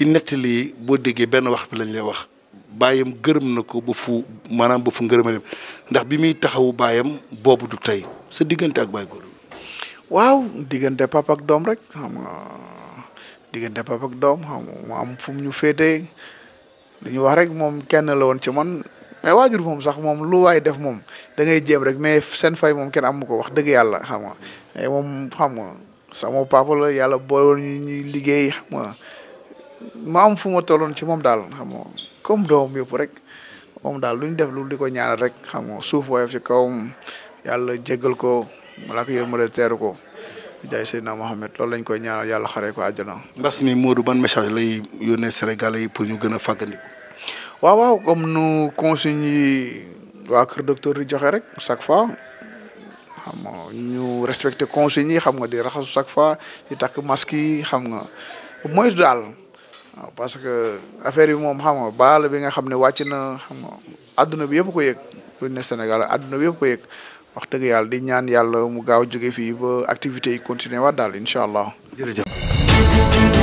ci nettali boo diggee benn wax lañ lay wax baayam gërëm na ko ba fu maanaam ba fu ngërëma dem ndax bi muy taxawu baayam boobu du tey sa diggante ak baay waaw diggante papa ak doom rek xam nga diggante doom xam nga am fu mu ñu féetee li ñu wax rek moom kenn la woon ci man mais waajur moom sax moom lu waaye def moom dangay ngay rek mais seen fay moom kenn amu ko wax dëgg yàlla xam nga moom xam sama papa yàlla boole woon ñuy liggéey xam maam fu ma tolloon ci moom daal xam comme doom yëpp rek moom daal lu ñu def lu di ko ñaanal rek xam nga suuf woyof ci kawam yàlla jéggal ko balaa ko yërmande teeru ko jaay Seydina Mohamed loolu lañ koy ñaanal yàlla xaree ko àjjana. mbas mi Modou ban message lay yónnee Sénégalais yi pour ñu gën a fàggandi. waaw waaw comme nu consigne yi waa kër docteur joxe rek chaque fois. xam nga ñu respecté consignes yi xam nga di raxas chaque fois di takk masque yi xam nga moytu daal waaw parce que affaire yi moom xam nga baal bi nga xam ne wàcc na xam nga adduna bi yëpp ko yëg luñ ne Sénégal adduna bi yëpp ko yëg wax dëgg yàlla di ñaan yàlla mu gaaw jóge fii ba activités yi continuer wa daal incha allah. jërëjëf.